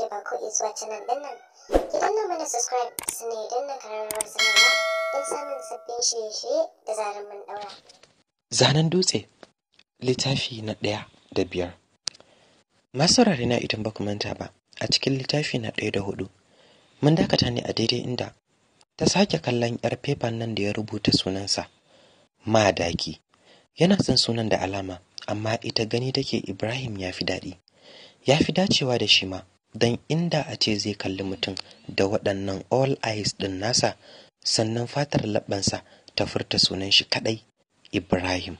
yake ba ko zuwa canal ɗin nan. Ki danna mana subscribe sannan ya danna kararrawar sanarwa don samun sabbin shirye-shirye da zarar mun ɗaura. Zanen dutse littafi na ɗaya da biyar. Masu na idan ba ku manta ba a cikin littafi na ɗaya da hudu. Mun dakata ne a daidai inda ta sake kallon yar fefan nan da ya rubuta sunansa madaki yana son sunan da alama amma ita gani take ibrahim ya fi daɗi ya fi dacewa da shi ma don inda a ce zai kalli mutum da waɗannan all eyes ɗin nasa sannan fatar labbansa ta furta sunan shi kaɗai Ibrahim.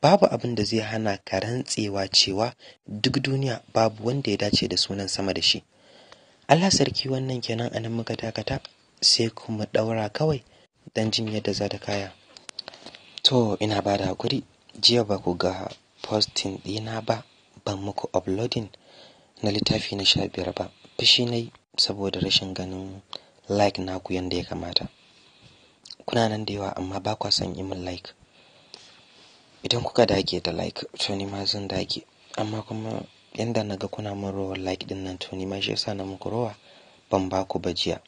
Babu abin da zai hana ka rantsewa cewa duk duniya babu wanda ya dace da sunan sama da shi. Allah sarki wannan kenan anan muka dakata sai kuma ɗaura kawai don jin yadda za ta kaya. To ina ba da haƙuri jiya ba ku ga postin ɗina ba ban muku uploading na littafi na sha biyar ba fushi na yi saboda rashin ganin like naku yadda ya kamata kuna nan da yawa amma ba kwa son imin like idan kuka dage da like to ni ma zan dage amma kuma yanda na ga kuna min rowar like din nan to ma shi yasa na muku rowa ban ba ku bajiya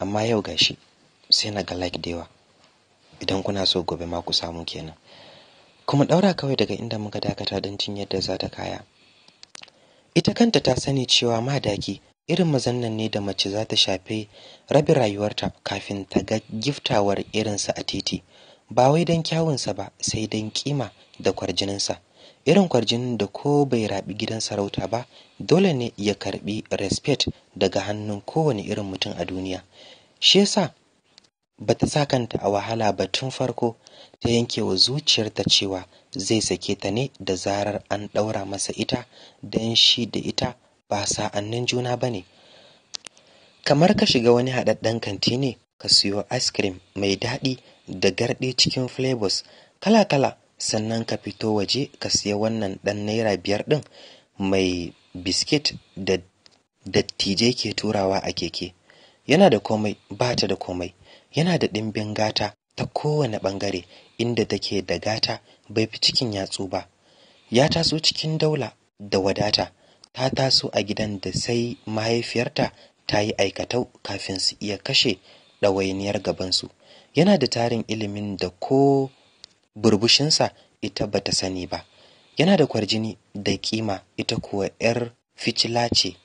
amma yau gashi sai na ga like da yawa idan kuna so gobe ma ku samu kenan kuma ɗaura kawai daga inda muka dakata don cin yadda za ta kaya ita kanta ta sani cewa madaki irin mazannan ne da mace za ta shafe rabin rayuwarta kafin ta ga giftawar irinsa a titi ba wai don kyawunsa ba sai don kima da kwarjininsa irin kwarjinin da ko bai raɓi gidan sarauta ba dole ne ya karɓi respect daga hannun kowane irin mutum a duniya shi yasa ba ta sa kanta a wahala ba tun farko ta yanke wa zuciyarta cewa zai sake ta ne da zarar an ɗaura masa ita don shi da ita ba sa'annin juna ba ne kamar ka shiga wani haɗaɗɗen kanti ne ka siyo ice cream mai daɗi da garɗe cikin flavors kala-kala sannan ka fito waje ka siya wannan ɗan naira biyar ɗin mai biskit da dattijai ke turawa a keke yana da komai ba ta da komai yana da ɗimbin gata ta kowane ɓangare inda take da gata bai fi cikin yatsu ba ya taso cikin daula da wadata ta taso a gidan da sai mahaifiyarta ta yi aikatau kafin su iya kashe ɗawainiyar gabansu yana da tarin ilimin da ko burbushinsa ita bata sani ba yana da kwarjini da kima ita kuwa 'yar ficila ce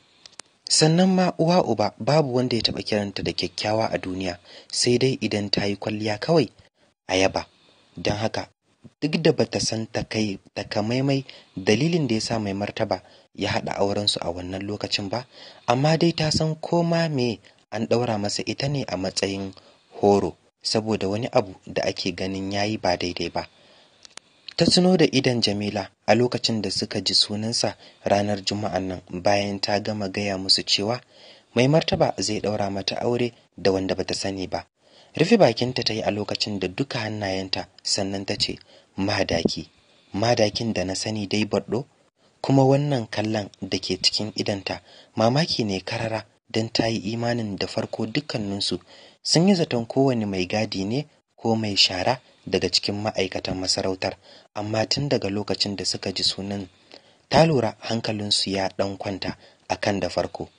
sannan ma uwa uba babu wanda ya taɓa kiranta da kyakkyawa a duniya sai dai idan ta yi kwalliya kawai a yaba don haka duk da bata san takamaimai dalilin da ya sa mai martaba ya haɗa aurensu a wannan lokacin ba amma dai ta san koma me an ɗaura masa ita ne a matsayin horo saboda wani abu da ake ganin ya yi ba daidai ba ta tuno da idan Jamila a lokacin da suka ji sunansa ranar Juma'an nan bayan ta gama gaya musu cewa mai martaba zai ɗaura mata aure da wanda bata sani ba. Rufe bakinta ta yi a lokacin da duka hannayenta sannan ta ce, Madaki, madakin da na sani dai barɗo, kuma wannan kallon da ke cikin idanta mamaki ne karara don ta yi imanin da farko dukkaninsu sun yi zaton kowane mai gadi ne ko mai shara daga cikin ma'aikatan masarautar amma tun daga lokacin da suka ji sunan ta lura hankalinsu ya ɗan kwanta akan da farko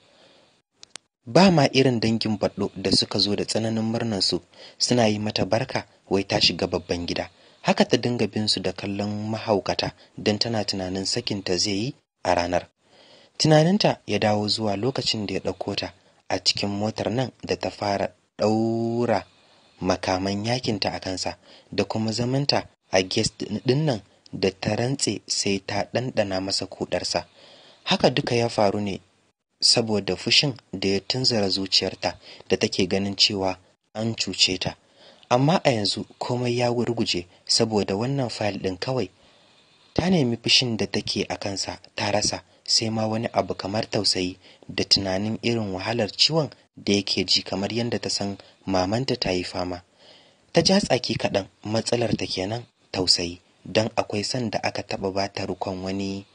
ba ma irin dangin baɗo da suka zo da tsananin su suna yi mata barka wai ta shiga babban gida haka ta dinga bin su da kallon mahaukata don tana tunanin sakin ta zai yi a ranar tunaninta ya dawo zuwa lokacin da ya ɗauko ta a cikin motar nan da ta fara ɗaura makaman yakinta a kansa da kuma zamanta a guest ɗin nan da ta rantse sai ta ɗanɗana masa kudarsa haka duka ya faru ne saboda fushin da ya tunzara zuciyarta da take ganin cewa an cuce ta amma a yanzu komai ya wurguje saboda wannan fayil ɗin kawai ta nemi fushin da take a kansa ta rasa sai ma wani abu kamar tausayi da tunanin irin wahalar ciwon da yake ji kamar yadda ta san mamanta ta yi fama ta ja tsaki kaɗan matsalar ta kenan tausayi don akwai son da aka taɓa ba ta rukon wani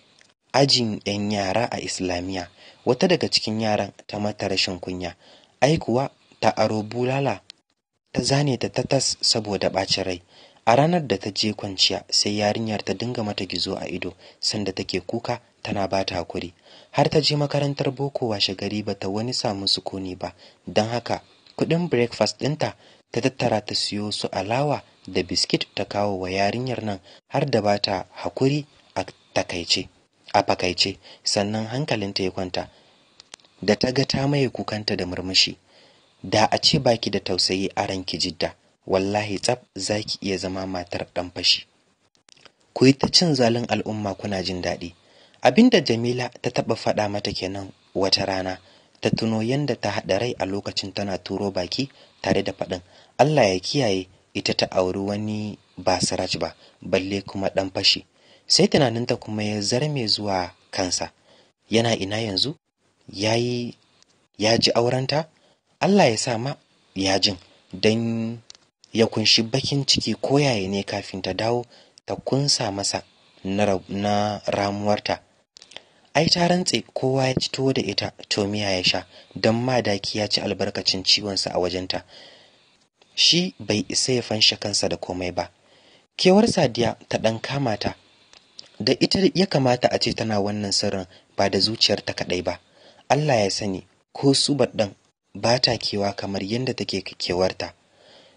ajin 'yan yara a islamiyya wata daga cikin yaran ta mata rashin kunya ai kuwa ta aro bulala ta zane ta tatas saboda ɓacin rai a ranar da ta je kwanciya sai yarinyar ta dinga mata gizo a ido sanda take kuka tana bata ta hakuri har ta je makarantar boko washe gari ba ta wani samu sukuni ba don haka kuɗin breakfast ɗinta ta tattara ta siyo su alawa da biskit ta kawo wa yarinyar nan har da bata ta hakuri a takaice fakaice sannan hankalinta ya kwanta da ta ga ta maye kukanta da murmushi da a ce baki da tausayi a ranki jidda wallahi tsaf za ki iya zama matar ɗan fashi. Ku yi ta cin zalin al'umma kuna jin daɗi. Abinda Jamila ta taɓa faɗa mata kenan wata rana, ta tuno yadda ta haɗa rai a lokacin tana turo baki tare da faɗin Allah ya kiyaye ita ta auri wani ba siraj ba, balle kuma ɗan fashi. Sai tunaninta kuma ya zarme zuwa kansa. Yana ina yanzu? Ya yi, ji aurenta? Allah ya sa ma ya jin don ya kunshi bakin ciki ko ne kafin ta dawo ta kunsa masa na ramuwarta ai ta rantse kowa ya ci da ita to miya ya sha don daki ya ci albarkacin ciwonsa a wajenta shi bai isa ya fanshe kansa da komai ba kewar sadiya ta ɗan kama ta da ita ya kamata a ce tana wannan sirrin ba da zuciyarta kaɗai ba Allah ya sani ko su ba ta kewa kamar yadda take kewarta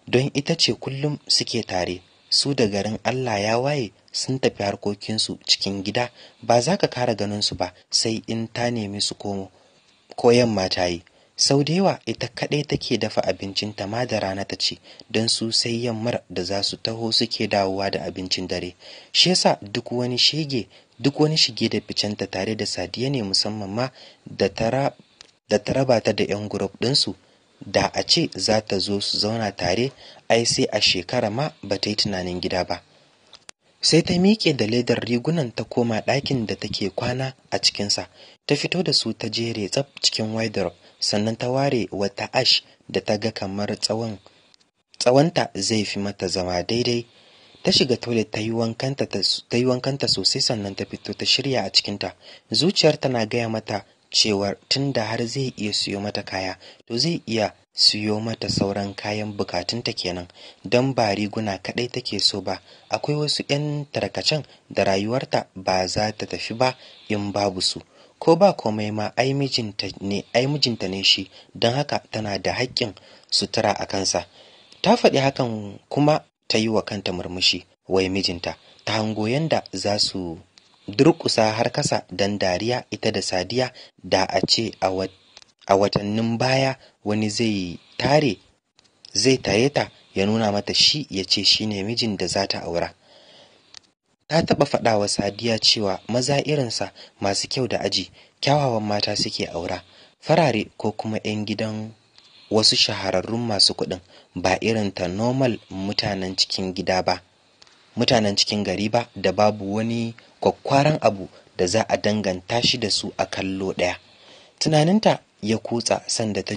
don ita ce kullum suke tare su da garin Allah ya waye sun tafi harkokinsu cikin gida ba za ka kara ganinsu ba sai in ta nemi su komo ko yamma ta yi sau da yawa ita kaɗai take dafa abincin ta ma da rana ta ce don su sai yammar da za su taho suke dawowa da abincin dare shi yasa duk wani shege duk wani shige da ficenta tare da sadiya ne musamman ma da ta raba ta da 'yan gurup ɗinsu da a ce za ta zo su zauna tare ai sai a shekara ma ba ta yi tunanin gida ba sai ta miƙe da ledar rigunan ta koma ɗakin da take kwana a cikinsa ta fito da su ta jere tsab cikin wardrobe sannan ta ware wata ash da ta ga kamar tsawon tsawonta zai fi mata zama daidai ta shiga toilet ta yi wankanta sosai sannan ta fito ta shirya a cikinta zuciyar tana gaya mata cewar tunda har zai iya siyo mata kaya to zai iya siyo mata sauran kayan bukatunta kenan don ba riguna kaɗai take so ba akwai wasu 'yan tarkacen da rayuwarta ba za ta tafi ba in babu su ko ba komai ma ai mijinta ne ai mijinta ne shi don haka tana da haƙƙin sutura a kansa ta faɗi hakan kuma ta yi wa kanta murmushi wai mijinta ta hango yanda za su durƙusa har kasa don dariya ita da sadiya da a ce a watannin baya wani zai tare zai taye ta ya nuna mata shi ya ce shi ne mijin da za ta aura ta taɓa faɗa wa sadiya cewa maza irinsa masu kyau da aji kyawawan mata suke aura farare ko kuma 'yan gidan wasu shahararrun masu kuɗin ba irin ta normal mutanen cikin gida ba mutanen cikin gari ba da babu wani kwakkwaran abu da za a danganta shi da su a kallo ɗaya tunaninta ya kutsa sanda ta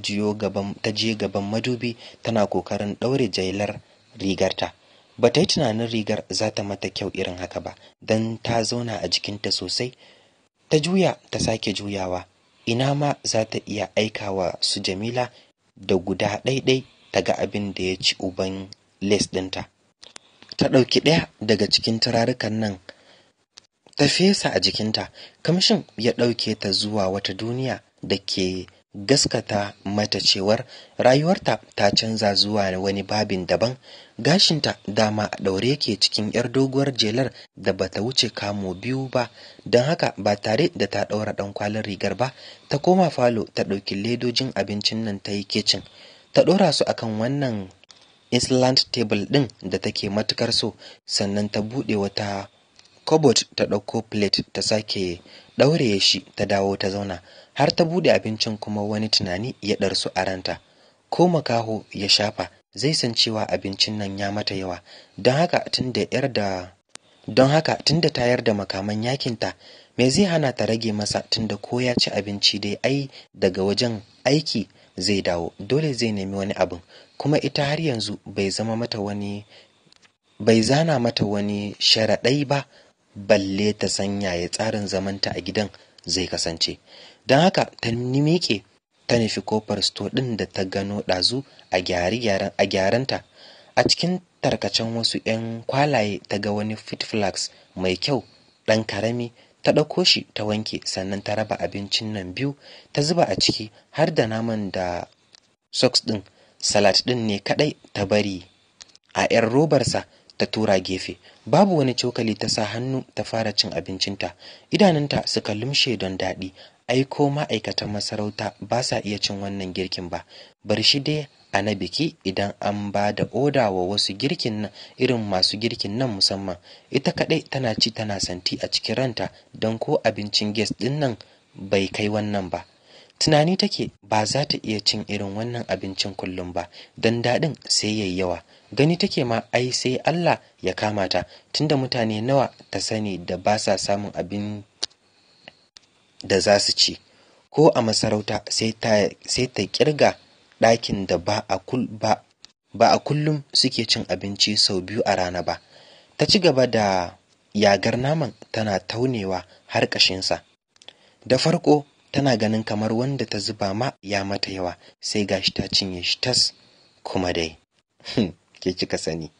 ta je gaban madubi tana kokarin ɗaure jailar rigarta ba ta yi tunanin rigar za ta mata kyau irin haka ba don ta zauna a jikinta sosai ta juya ta sake juyawa ina ma za ta iya aikawa su jamila da guda ɗaiɗai ta ga abin da ya ci uban les ɗinta ta ɗauki ɗaya daga cikin turarukan nan ta fesa a jikinta kamshin ya ɗauke ta zuwa wata duniya da ke gaskata mata cewar rayuwarta ta canza zuwa wani babin daban gashinta dama a ɗaure ke cikin 'yar doguwar jelar da bata wuce kamo biyu ba don haka ba tare da ta ɗaura ɗan kwalin rigar ba ta koma falo ta ɗauki ledojin abincin nan ta yi kicin ta ɗora su akan wannan island table ɗin da take matukar so sannan ta buɗe wata cupboard ta ɗauko plate ta sake ɗaure shi ta dawo ta zauna har ta buɗe abincin kuma wani tunani ya ɗarsu a ranta ko makaho ya shafa zai san cewa abincin nan ya mata yawa don haka tun da yar da don haka tun da tayar da makaman yakinta me zai hana ta rage masa tun da ko ya ci abinci dai ai daga wajen aiki zai dawo dole zai nemi wani abin kuma ita har yanzu bai zama mata wani bai zana mata wani sharaɗai ba balle ta sanya ya tsarin zamanta a gidan zai kasance don haka ta miƙe ta nufi kofar sto ɗin da ta gano ɗazu a gyaranta a cikin tarkacen wasu 'yan kwalaye ta ga wani fit mai kyau ɗan karami ta ɗauko shi ta wanke sannan ta raba abincin nan biyu ta zuba a ciki har da naman da socks ɗin salat ɗin ne kaɗai ta bari a 'yar robarsa ta tura gefe babu wani cokali ta sa hannu ta fara cin abincinta idanunta suka lumshe don daɗi aiko ma'aikatan masarauta ba sa iya cin wannan girkin ba bar shi dai a na biki idan an ba da oda wa wasu girkin nan irin masu girkin nan musamman ita kadai tana ci tana santi a cikin ranta don ko abincin ges ɗinnan nan bai kai wannan ba tunani take ba za ta iya cin irin wannan abincin kullum ba don daɗin sai yayi yawa gani take ma ai sai Allah ya kama ta tunda mutane nawa ta sani da ba sa samun abin da za su ci ko a masarauta sai ta kirga ɗakin da ba a kullum suke cin abinci sau biyu a rana ba ta ci gaba da yagar naman tana taunewa har ƙashinsa da farko tana ganin kamar wanda ta zuba ma ya mata yawa sai gashi ta cinye shi tas kuma dai hmm, ke kika sani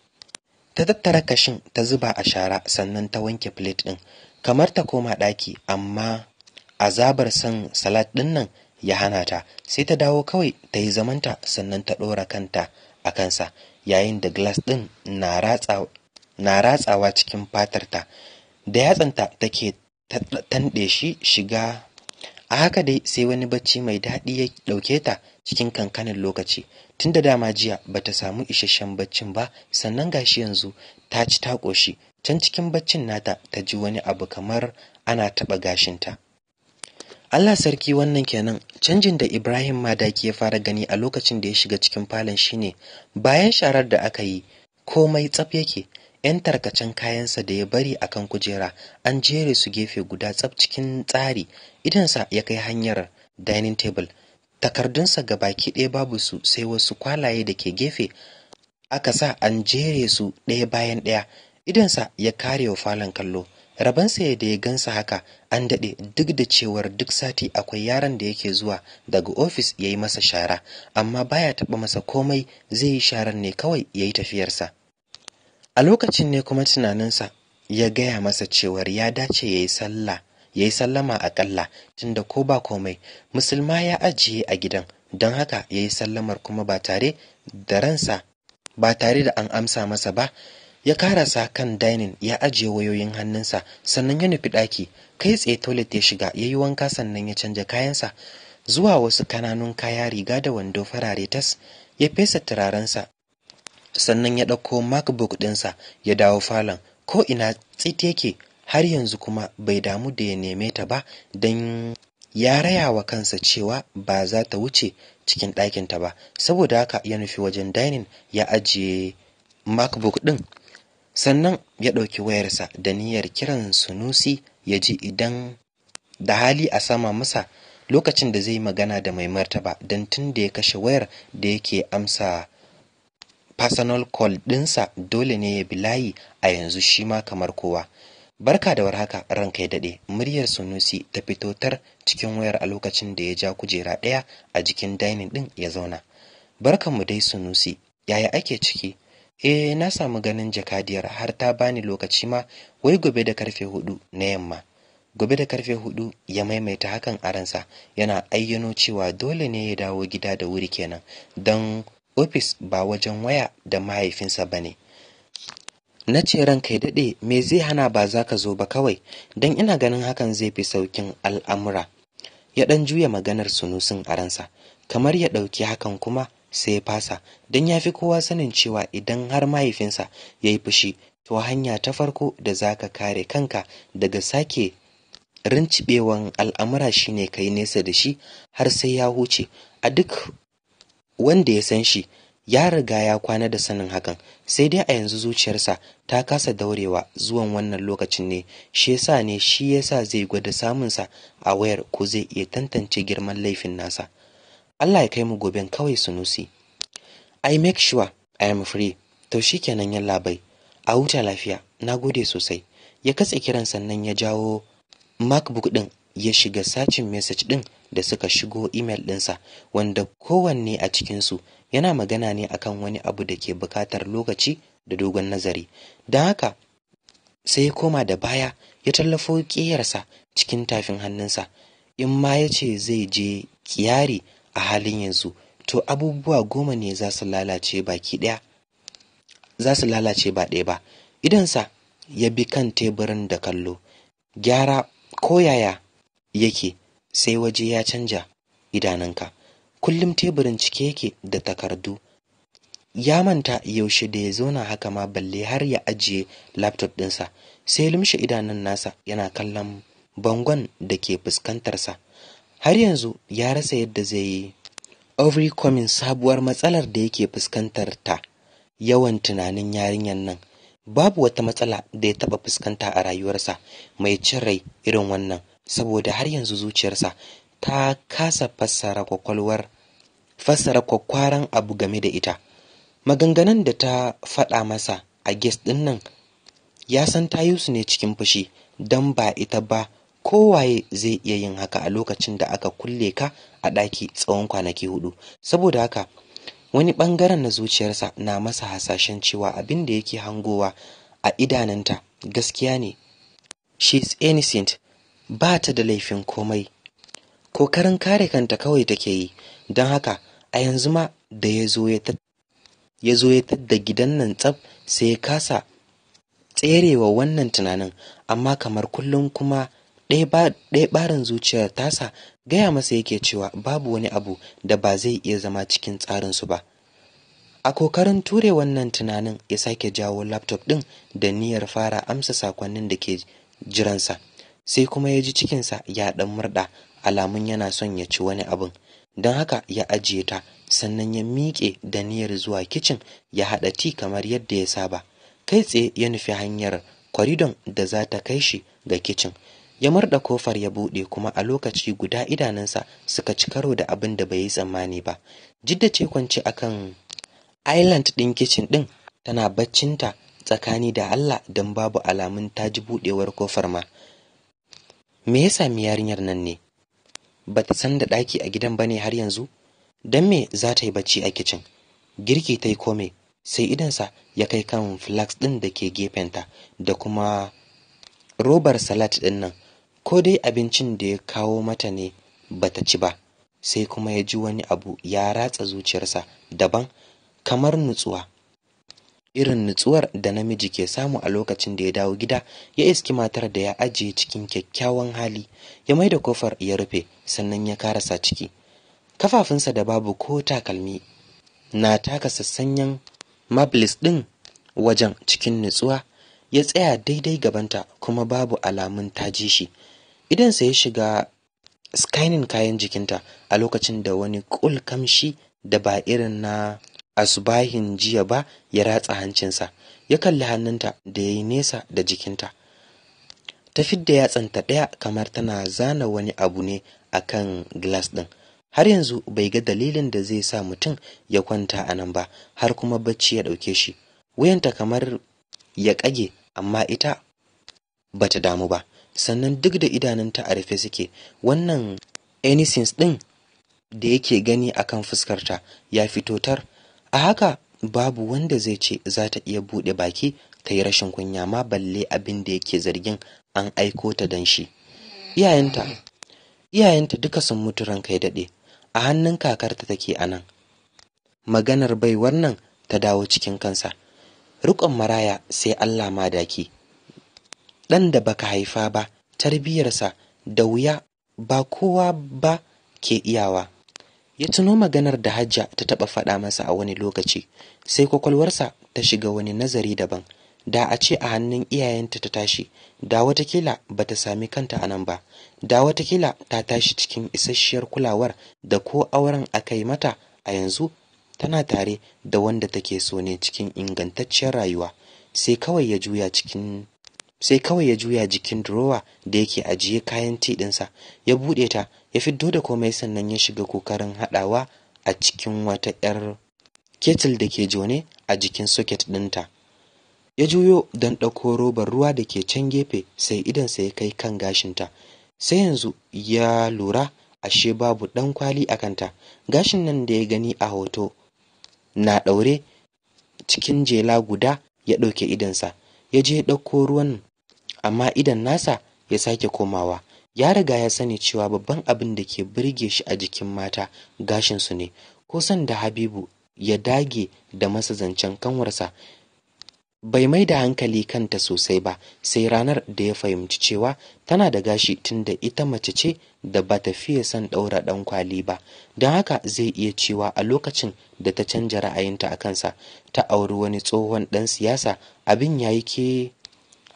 ta tattara kashin ta zuba a shara sannan ta wanke plate ɗin kamar ta koma ɗaki amma azabar son salad ɗin nan ya hana ta sai ta dawo kawai ta yi zamanta sannan ta ɗora kanta a kansa yayin da glass ɗin na ratsawa cikin fatarta da yatsanta take tanɗe shi shiga a haka dai sai wani bacci mai daɗi ya ɗauke ta cikin kankanin lokaci tun da dama jiya bata samu isasshen baccin ba sannan gashi yanzu ta ci ta ƙoshi can cikin baccin nata ta ji wani abu kamar ana taɓa gashinta Allah sarki wannan kenan canjin da Ibrahim Madaki ya fara gani a lokacin da ya shiga cikin falon shine bayan sharar da aka yi komai tsaf yake ‘yan tarkacen kayansa da ya bari a kan kujera an jere su gefe guda tsaf cikin tsari idansa ya kai hanyar dining table takardunsa ga baki ɗaya babu su sai wasu kwalaye da ke gefe aka sa an jere su ɗaya bayan ɗaya idansa ya kare wa falon kallo rabansa da ya gansa haka an daɗe duk da cewar duk sati akwai yaran da yake zuwa daga ofis ya yi masa shara amma baya taɓa masa komai zai yi sharan ne kawai ya yi tafiyarsa a lokacin ne kuma tunaninsa ya gaya masa cewar ya dace ya yi sallah ya yi sallama aƙalla tunda ko ba komai musulma ya ajiye a gidan don haka ya yi sallamar kuma ba tare da ransa ba tare da an amsa masa ba ya karasa kan dining ya ajiye wayoyin hannunsa sannan ya nufi ɗaki kai tsaye toilet ya shiga ya yi wanka sannan ya canja kayansa zuwa wasu kananun kaya riga da wando farare tas ya fesa turarensa sannan ya ɗauko macbook ɗinsa ya dawo falon ko ina tsit yake har yanzu kuma bai damu da ya neme ta ba don ya raya wa kansa cewa ba za ta wuce cikin ɗakinta ba saboda haka ya nufi wajen dining ya ajiye macbook ɗin sannan ya ɗauki wayarsa da niyyar kiran sunusi ya ji idan da hali a sama masa lokacin da zai magana da mai martaba don tun da ya kashe wayar da yake amsa personal call ɗinsa dole ne ya bi layi a yanzu shi ma kamar kowa barka da warhaka ranka ya daɗe muryar sunusi ta fito tar cikin wayar a lokacin da ya ja kujera ɗaya a jikin dainin ɗin ya zauna barkanmu dai sunusi yaya ake ciki eh na samu ganin jakadiyar har ta bani lokaci ma wai gobe da karfe hudu na yamma gobe da karfe hudu ya maimaita hakan a ransa yana ayyano cewa dole ne ya dawo gida da wuri kenan don ofis ba wajen waya da mahaifinsa ba ne na ce ran kai daɗe me zai hana ba za ka zo ba kawai don ina ganin hakan zai fi saukin al'amura ya ɗan juya maganar sunusun a ransa kamar ya ɗauki hakan kuma sai fasa don ya fi kowa sanin cewa idan har mahaifinsa ya yi fushi to hanya ta farko da za ka kare kanka daga sake rincibewan al'amura shine ka yi nesa da shi har sai ya huce a duk wanda ya san shi ya riga ya kwana da sanin hakan sai dai a yanzu zuciyarsa ta kasa daurewa zuwan wannan lokacin ne shi yasa ne shi yasa zai gwada samunsa a wayar ko zai iya tantance girman laifin nasa Allah ya kai mu goben kawai Sunusi. I make sure I am free. To kenan yalla labai. A huta lafiya. Na gode sosai. Ya katse kiran sannan ya jawo MacBook ɗin ya shiga sacin message ɗin da suka shigo email ɗinsa, wanda kowanne a cikinsu yana magana ne akan wani abu da ke bukatar lokaci da dogon nazari. Don haka sai ya koma da baya ya tallafo ƙeyarsa cikin tafin hannunsa in ma ya ce zai je kiyari a halin yanzu to abubuwa goma ne za su lalace baki ɗaya za su lalace ba ɗaya ba idansa ya bi kan teburin da kallo gyara ko yaya yake sai waje ya canja idanunka kullum teburin cike yake da takardu ya manta yaushe da ya zauna haka ma balle har ya ajiye laptop ɗinsa sai lumshe idanun nasa yana kallon bangon da ke fuskantarsa har yanzu ya rasa yadda zai yi Ovary coming sabuwar matsalar da yake fuskantar ta yawan tunanin yarinyar nan babu wata matsala da ya taba fuskanta a rayuwarsa mai cin rai irin wannan saboda har yanzu zuciyarsa ta kasa fassara kwakwalwar fassara kwakwaran abu game da ita maganganun da ta faɗa masa a ges ɗin nan ya san ta yi su ne cikin fushi don ba ita ba kowaye zai iya yin haka a lokacin da aka kulle ka a ɗaki tsawon kwanaki hudu saboda haka wani ɓangaren na zuciyarsa na masa hasashen cewa abin da yake hangowa a idananta gaskiya ne she is innocent ba ta da laifin komai kokarin kare kanta kawai take yi don haka a yanzu ma da ya zo ya tadda gidan nan tsab sai ya kasa tserewa wannan tunanin amma kamar kullum kuma ɗaya barin zuciyar tasa gaya masa yake cewa babu wani abu da ba zai iya zama cikin tsarinsu ba a kokarin ture wannan tunanin ya sake jawo laptop ɗin da niyyar fara amsa sakonnin da ke jiransa sai kuma ya ji cikinsa ya ɗan murɗa alamun yana son ya ci wani abin don haka ya ajiye ta sannan ya miƙe da niyyar zuwa kicin ya haɗa ti kamar yadda ya saba kai tsaye ya nufi hanyar kwaridon da za ta kai shi ga kicin ya marda kofar ya bude kuma a lokaci guda idanunsa suka ci karo da abin da bai yi tsammani ba jidda ce kwance akan island ɗin kicin ɗin tana baccinta tsakani da Allah don babu alamun ta ji budewar kofar ma me ya sami yarinyar nan ne ba ta san da ɗaki a gidan ba ne har yanzu don me za ta yi bacci a kicin girki ta yi kome sai idansa ya kai kan flax ɗin da ke gefenta da kuma robar salad ɗin nan ko dai abincin da ya kawo mata ne bata ci ba sai kuma ya ji wani abu ya ratsa zuciyarsa daban kamar nutsuwa irin nutsuwar da namiji ke samu a lokacin da ya dawo gida ya iski matar da ya ajiye cikin kyakkyawan hali ya mai da kofar ya rufe sannan ya karasa ciki kafafunsa da babu ko takalmi na taka sassanyan mablis ɗin wajen cikin nutsuwa ya tsaya daidai gabanta kuma babu alamun ta ji shi idansa ya shiga skinin kayan jikinta a lokacin da wani ƙul kamshi da ba irin na asubahin jiya ba ya ratsa hancinsa ya kalli hannunta da ya yi nesa da jikinta ta fidda yatsanta ɗaya kamar tana zana wani abu ne a kan glass ɗin har yanzu bai ga dalilin da zai sa mutum ya kwanta a nan ba har kuma bacci ya ɗauke shi wuyanta kamar ya ƙage amma ita ba ta damu ba sannan duk da idanunta a rufe suke wannan anisins ɗin da yake gani a akan fuskarta ya fito tar a haka babu wanda zai ce za ta iya buɗe baki ta yi rashin kunya ma balle abin da yake zargin an aiko ta don shi iyayenta iyayenta duka sun mutu ranka ya daɗe a hannun kakarta take a nan maganar baiwar nan ta dawo cikin kansa riƙon maraya sai allah madaki ɗan da baka haifa ba tarbiyarsa da wuya ba kowa ba ke iyawa ya tuno maganar da hajja ta taɓa faɗa masa a wani lokaci sai kwakwalwarsa ta shiga wani nazari daban da a ce a hannun iyayenta ta tashi da watakila ba ta sami kanta a nan ba da watakila ta tashi cikin isasshiyar kulawar da ko auren aka yi mata a yanzu tana tare da wanda take so ne cikin ingantacciyar rayuwa sai kawai ya juya cikin sai kawai ya juya jikin durowa da yake ajiye kayan ti ɗinsa ya buɗe ta ya fiddo da komai sannan ya shiga kokarin haɗawa a cikin wata 'yar ketil da ke jone a jikin soket ɗinta ya juyo don ɗauko robar ruwa da ke can gefe sai idonsa ya kai kan gashinta sai yanzu ya lura ashe babu ɗan kwali a kanta gashin nan da ya gani a hoto na ɗaure cikin jela guda ya ɗauke idonsa, ya je ɗauko ruwan amma idan nasa ya sake komawa ya riga ya sani cewa babban abin da ke birge shi a jikin mata gashin su ne ko san da habibu ya dage da masa zancen kanwarsa bai mai da hankali kanta sosai ba sai ranar da ya fahimci cewa tana da gashi tunda ita mace ce da ba ta fiye son ɗaura ɗan kwali ba don haka zai iya cewa a lokacin da ta canja ra'ayinta a kansa ta auri wani tsohon ɗan siyasa abin ya yi ke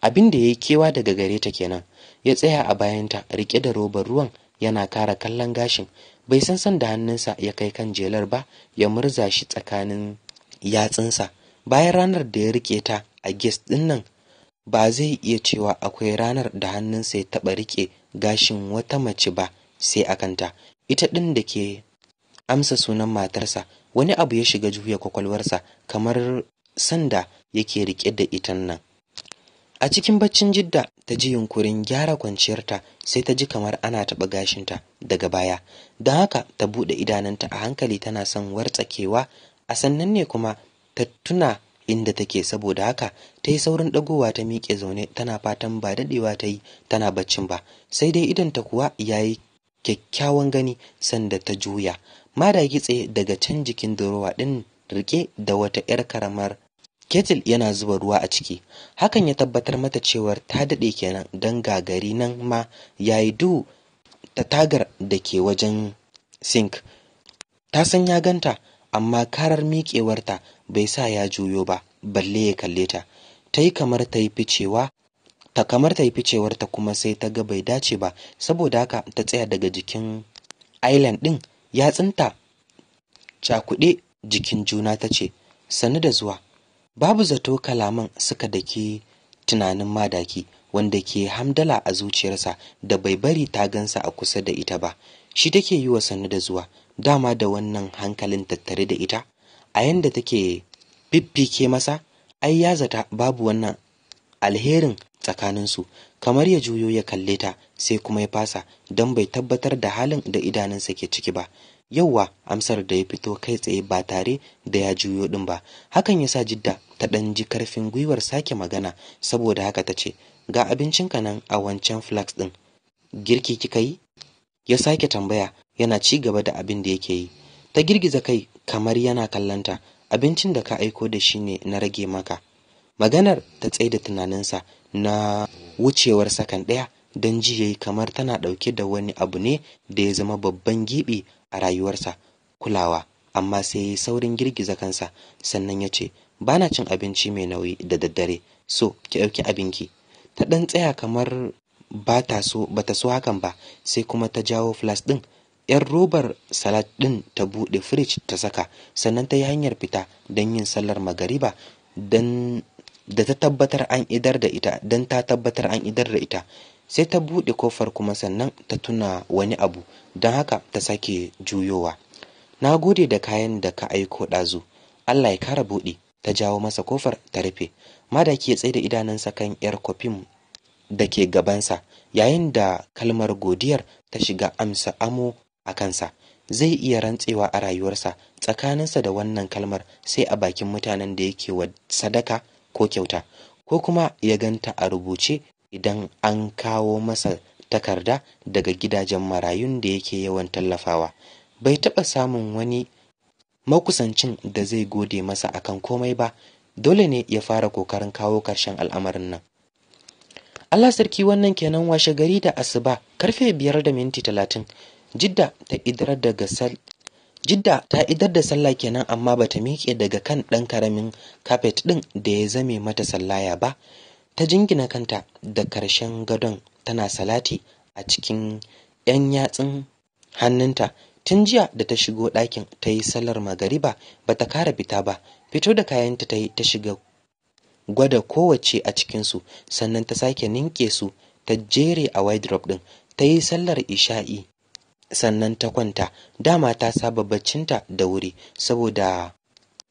abin da ya yi kewa daga gare ta kenan ya tsaya a bayanta riƙe da robar ruwan yana kara kallon gashin bai san san da hannunsa ya kai kan jelar ba ya murza shi tsakanin yatsunsa bayan ranar da ya riƙe ta a ges ɗin nan ba zai iya cewa akwai ranar da hannunsa ya taɓa rike gashin wata mace ba sai a kanta ita ɗin da ke amsa sunan matarsa wani abu ya shiga juya kwakwalwarsa kamar sanda yake rike da itan nan A cikin baccin Jidda ta ji yunkurin gyara kwanciyarta sai ta ji kamar ana taɓa gashinta daga baya, don haka ta buɗe idanunta a hankali tana son wartsakewa a sannan ne kuma ta tuna inda take saboda haka ta yi saurin ɗagowa ta miƙe zaune tana fatan ba daɗewa ta yi tana baccin ba sai dai idanta kuwa ya yi kyakkyawan gani sanda ta juya madagi tsaye daga can jikin durowa ɗin riƙe da wata 'yar karamar Ketil yana zuba ruwa a ciki, hakan ya tabbatar mata cewar ta daɗe kenan don gagari nan ma ya yi duhu ta tagar da ke wajen sink. Ta san ya ganta, amma karar miƙewarta bai sa ya juyo ba, balle ya kalle ta. Ta yi kamar ta yi ficewa, ta kamar ta yi ficewarta kuma sai ta ga bai dace ba, saboda haka ta tsaya daga jikin island ɗin ya tsinta. cakuɗe jikin juna ta ce, sannu da zuwa. babu zato kalaman suka dake tunanin madaki wanda ke hamdala a zuciyarsa da bai bari ta gansa a kusa da ita ba shi take yi wa sannu da zuwa dama da wannan hankalin tattare da ita a yanda take fiffike masa ai ya zata babu wannan alherin tsakaninsu kamar ya juyo ya kalle ta sai kuma ya fasa don bai tabbatar da halin da idanunsa ke ciki ba yauwa amsar da ya fito kai tsaye ba tare da ya juyo din ba hakan yasa jidda ta dan ji karfin gwiwar sake magana saboda haka ta ce ga abincin ka nan a wancan flax din girki kika yi ya sake tambaya yana ci gaba da abin da yake yi ta girgiza kai kamar yana kallanta abincin da ka aiko da shi ne na rage maka maganar ta tsaida tunaninsa na wucewar sakan ɗaya don ji yayi kamar tana ɗauke da wani abu ne da ya zama babban giɓi a rayuwarsa kulawa amma sai ya yi saurin girgiza kansa sannan ya ce ba na cin abinci mai nauyi da daddare so ki ɗauki abinki ta ɗan tsaya kamar ba ta so ba ta so hakan ba sai kuma ta jawo flas ɗin ‘yar robar salad ɗin ta buɗe firij ta saka sannan ta yi hanyar fita don yin sallar magariba don da ta tabbatar an idar da ita don ta tabbatar an idar da ita sai ta buɗe kofar kuma sannan ta tuna wani abu don haka ta sake juyowa na gode da kayan da ka aiko ɗazu allah ya kara buɗe ta jawo masa kofar ta rufe madaki ya da idanunsa kan yar kofin da ke gabansa yayin da kalmar godiyar ta shiga amsa amo a kansa zai iya rantsewa a rayuwarsa tsakaninsa da wannan kalmar sai a bakin mutanen da yake wa sadaka ko kyauta ko kuma ya ganta a rubuce idan an kawo masa takarda daga gidajen marayun da yake yawan tallafawa bai taɓa samun wani makusancin da zai gode masa akan komai ba dole ne ya fara kokarin kawo ƙarshen al'amarin nan Allah sarki wannan kenan washe gari da asuba karfe biyar da minti talatin jidda ta idar daga sal jidda ta idar da sallah kenan amma bata miƙe daga kan ɗan karamin kafet ɗin da ya zame mata sallaya ba ta jingina kanta da ƙarshen gadon tana salati a cikin 'yan yatsun hannunta tun jiya da ta shigo ɗakin ta yi sallar magariba ba ta kara fita ba fito da kayanta ta yi ta shiga gwada kowace a cikinsu sannan ta sake ninke su ta jere a wardrobe ɗin ta yi sallar isha'i sannan ta kwanta dama ta saba baccinta da wuri saboda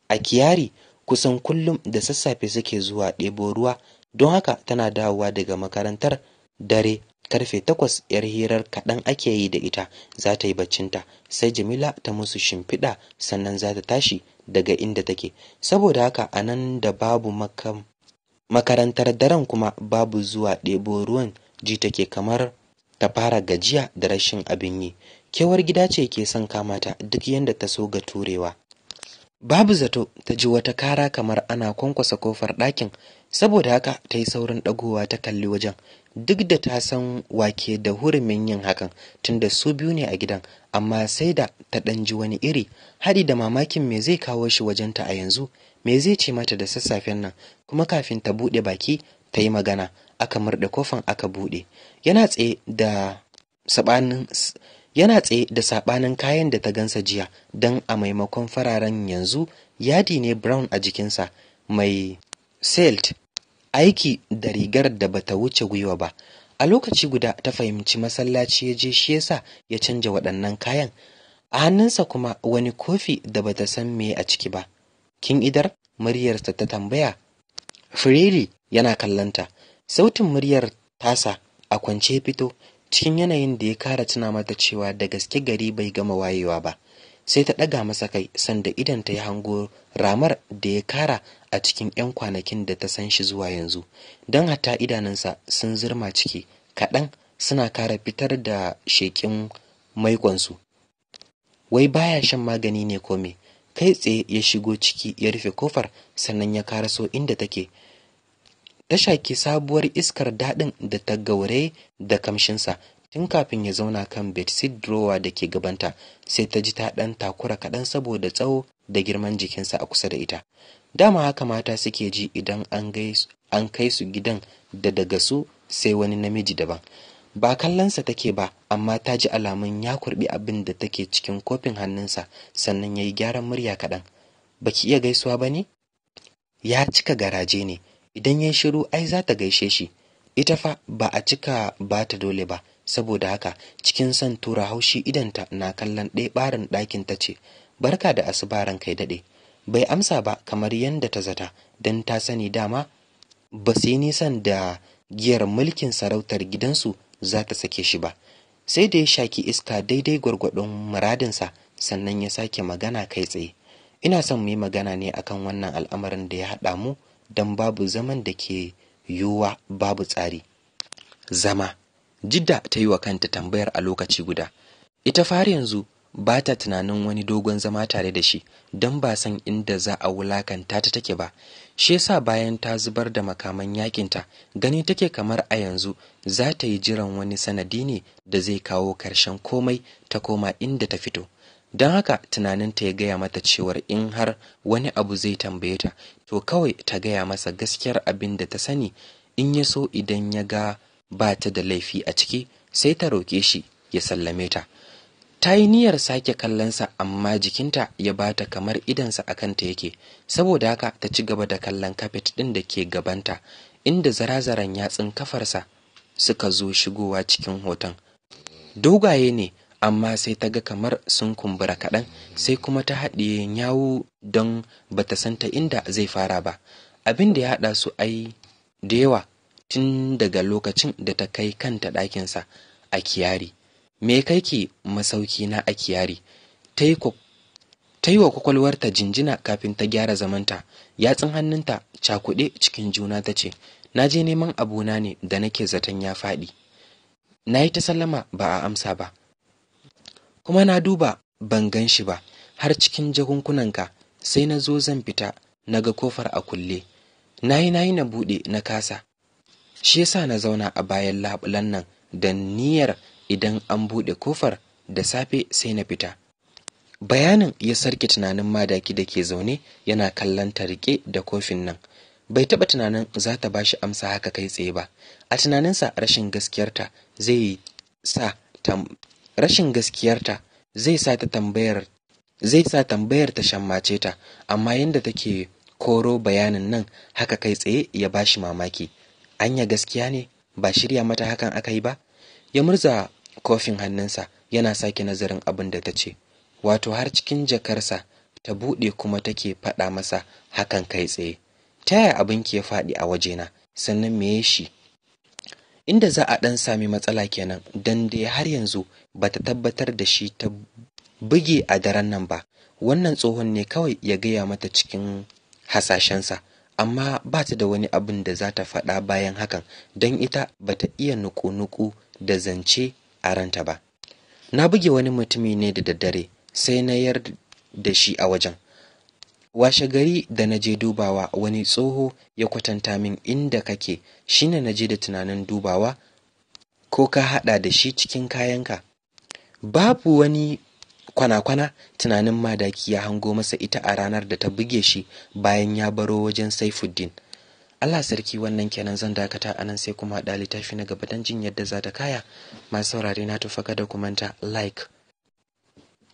a kiyari kusan kullum da sassafe suke zuwa ɗebo ruwa don haka tana dawowa daga makarantar dare karfe takwas yar hirar kaɗan ake yi da ita za ta yi baccinta sai jamila ta musu shimfiɗa sannan za ta tashi daga inda take saboda haka a nan da babu makarantar daren kuma babu zuwa ɗebo ruwan ji take kamar ta fara gajiya da rashin abin yi kewar gida ce ke son kamata duk yadda ta so ga turewa Babu zato ta ji wata kara kamar ana kwankwasa kofar ɗakin, saboda haka ta yi saurin ɗagowa ta kalli wajen, duk da ta san wake da hurumin yin hakan tunda su biyu ne a gidan, amma sai da ta ɗan ji wani iri, haɗi da mamakin me zai kawo shi wajenta a yanzu, me zai ce mata da sassafen nan, kuma kafin ta buɗe baki ta yi magana, aka murɗe kofan aka buɗe. Yana tsaye da saɓanin yana tsaye da saɓanin kayan da ta gansa jiya don a maimakon fararen yanzu yadi ne brown a jikinsa mai silt aiki da rigar da bata wuce gwiwa ba a lokaci guda ta fahimci masallaci ya je shi yasa ya canja waɗannan kayan a hannunsa kuma wani kofi da bata san me a ciki ba kin idar muryarsa ta tambaya firiri yana kallanta sautin muryar tasa a kwance fito cikin yanayin da ya kara tuna mata cewa da gaske gari bai gama wayewa ba sai ta ɗaga masa kai sanda idan ta yi hango ramar da ya kara a cikin 'yan kwanakin da ta san shi zuwa yanzu don hata idanunsa sun zirma ciki kaɗan suna kara fitar da shekin maikonsu wai baya shan magani ne ko kai tsaye ya shigo ciki ya rufe kofar sannan ya kara so inda take ta shaki sabuwar iskar daɗin da ta gaure da kamshinsa tun kafin ya zauna kan bedsheet drawer da ke gabanta sai ta ji ta ɗan takura kaɗan saboda tsawo da girman jikinsa a kusa da ita dama haka mata suke ji idan an kai su gidan da daga su sai wani namiji daban ba kallonsa take ba amma ta ji alamun ya kurbi abin da take cikin kofin hannunsa sannan ya yi gyaran murya kaɗan baki iya gaisuwa ba ne ya cika garaje ne idan ya shiru ai za ta gaishe shi ita fa ba a cika ba ta dole ba saboda haka cikin son tura haushi idanta na kallon ɗaya ɓarin ɗakin ta ce barka da asibaran kai daɗe bai amsa ba kamar yadda ta zata don ta sani dama ba su yi nisan da giyar mulkin sarautar gidansu za ta sake shi ba sai da ya shaki iska daidai gwargwadon muradinsa sannan ya sake magana kai tsaye ina son mu yi magana ne akan wannan al'amarin da ya haɗa mu don babu zaman da ke yiwuwa babu tsari zama jidda ta yi wa kanta tambayar a lokaci guda ita fara yanzu ba ta tunanin wani dogon zama tare da shi don ba san inda za a wulakanta ta take ba shi sa bayan ta zubar da makaman yakinta gani take kamar a yanzu za ta yi jiran wani sanadi ne da zai kawo karshen komai ta koma inda ta fito don haka tunaninta ya gaya mata cewar in har wani abu zai tambaye ta to kawai ta gaya masa gaskiyar abin da ta sani in ya so idan ya ga ba ta da laifi a ciki sai ta roƙe shi ya sallame ta ta yi niyyar sake kallonsa amma jikinta ya ba ta kamar idansa a kanta yake saboda haka ta ci gaba da kallon kafet ɗin da ke gabanta inda zarazaran yatsun kafarsa suka zo shigowa cikin hoton dogaye ne amma sai ta ga kamar sun kumbura kaɗan sai kuma ta haɗiye yawu don ba ta santa inda zai fara ba abin da ya haɗa su ai da yawa tun daga lokacin da ta kai kanta ɗakinsa a kiyari me kai ke masauki na a kiyari ta yi wa kwakwalwarta jinjina kafin ta gyara zamanta yatsun hannunta cakuɗe cikin juna ta ce na je neman abuna ne da nake zaton ya faɗi na yi ta sallama ba a amsa ba kuma na duba ban gan shi ba har cikin jakunkunanka sai na zo zan fita na ga kofar a kulle na yi na buɗe na kasa shi yasa na zauna a bayan labulan nan da niyyar idan an buɗe kofar da safe sai na fita bayanin ya sarki tunanin madaki da ke zaune yana kallon ta riƙe da kofin nan bai taɓa tunanin za ta ba shi amsa haka kai tsaye ba a tunaninsa rashin gaskiyarta zai sa ta rashin gaskiyarta zai sa ta tambayar zai sa tambayar ta shammace ta amma yadda take koro bayanin nan haka kai tsaye ya bashi mamaki anya gaskiya ne ba shirya mata hakan aka yi ba ya murza kofin hannunsa yana sake nazarin abin da ta ce wato har cikin jakarsa ta buɗe kuma take faɗa masa hakan kai tsaye ta yaya abin ke faɗi a wajena sannan me shi inda za a ɗan sami matsala kenan dan dai har yanzu bata tabbatar da shi ta buge a daren nan ba wannan tsohon ne kawai ya gaya mata cikin hasashensa amma ba ta da wani abin da za ta faɗa bayan hakan don ita bata iya nuku-nuku da zance a ranta ba na buge wani mutumi ne da daddare sai na yar da shi a wajen washe gari da na je dubawa wani tsoho ya kwatanta min inda kake shine na je da tunanin dubawa ko ka haɗa da shi cikin kayanka babu wani kwana-kwana tunanin madaki ya hango masa ita a ranar da ta buge shi bayan ya baro wajen saifuddin Allah sarki wannan kenan zan dakata a nan sai kuma ta fi na gaba don jin yadda za ta kaya masu saurare na tufaka da kumanta like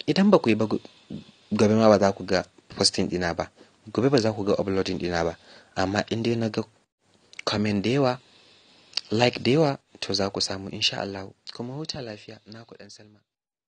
idan ba ku yi gobe ma ba za ku ga posting dina ba gobe ba za ku ga uploading dina ba amma in dai na ga comment da yawa like da yawa to za ku samu insha Allah kuma huta lafiya na ku Salma